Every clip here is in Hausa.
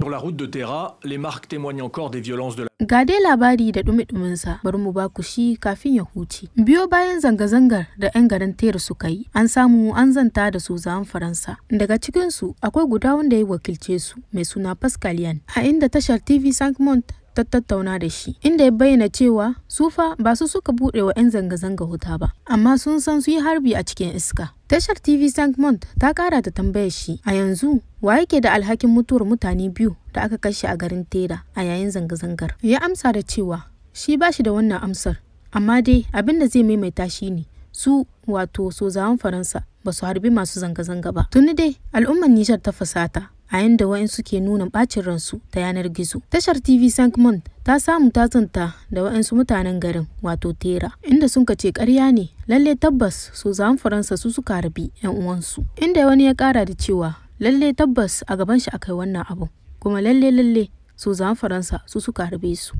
Sur la route de Terra, les marques témoignent encore des violences de la gade labari da dumi sa bari mu ku shi kafin ya huce. Biyo bayan zanga-zangar da 'yan garin Tera suka yi, an samu an zanta da su zaman Faransa. Daga cikinsu akwai guda wanda ya wakilce su mai suna Pascalian, a inda tashar TV 5 Mont ta tattauna da shi inda ya bayyana cewa sufa ba su suka buɗe wa 'yan zanga-zanga wuta ba amma sun san su yi harbi a cikin iska Tashar TV5 Mont ta kara da tambayar shi a yanzu wa yake da alhakin mutuwar mutane biyu da aka kashe a garin Tera a yayin zanga-zangar. Ya amsa da cewa shi ba shi da wannan amsar, amma dai abin da zai maimaita shi ne su wato sozawan Faransa ba su harbi masu zanga-zanga ba. Tuni dai al'ummar Nijar ta fasata a yanda wa'in suke nuna bacin ransu ta yanar gizo. Tashar TV5 Mont ta samu ta tsinta da waɗansu mutanen garin wato tera inda sun kace ƙarya ne lalle tabbas su zan faransa su suka harbi 'yan uwansu inda wani ya ƙara da cewa lalle tabbas a gaban shi akai wannan abu kuma lalle lalle su zan faransa su suka harbe su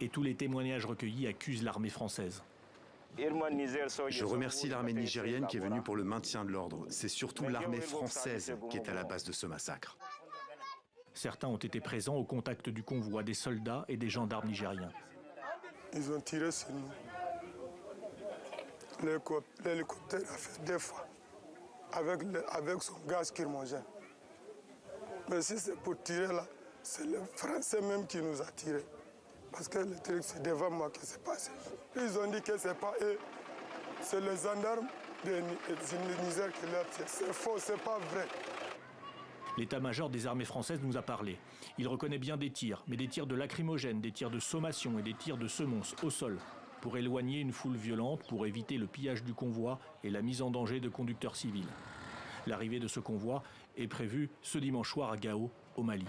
Et tous les témoignages recueillis accusent l'armée française. Je remercie l'armée nigérienne qui est venue pour le maintien de l'ordre. C'est surtout l'armée française qui est à la base de ce massacre. Certains ont été présents au contact du convoi des soldats et des gendarmes nigériens. Ils ont tiré sur nous. L'hélicoptère a fait deux fois avec, avec son gaz mangeait. Mais si c'est pour tirer là, c'est le Français même qui nous a tirés. Parce que le truc, c'est devant moi que s'est passé. Ils ont dit que c'est pas eux, c'est les gendarmes de Niger qui l'ont tiré. C'est faux, c'est pas vrai. L'état-major des armées françaises nous a parlé. Il reconnaît bien des tirs, mais des tirs de lacrymogène, des tirs de sommation et des tirs de semonce au sol pour éloigner une foule violente, pour éviter le pillage du convoi et la mise en danger de conducteurs civils. L'arrivée de ce convoi est prévue ce dimanche soir à Gao, au Mali.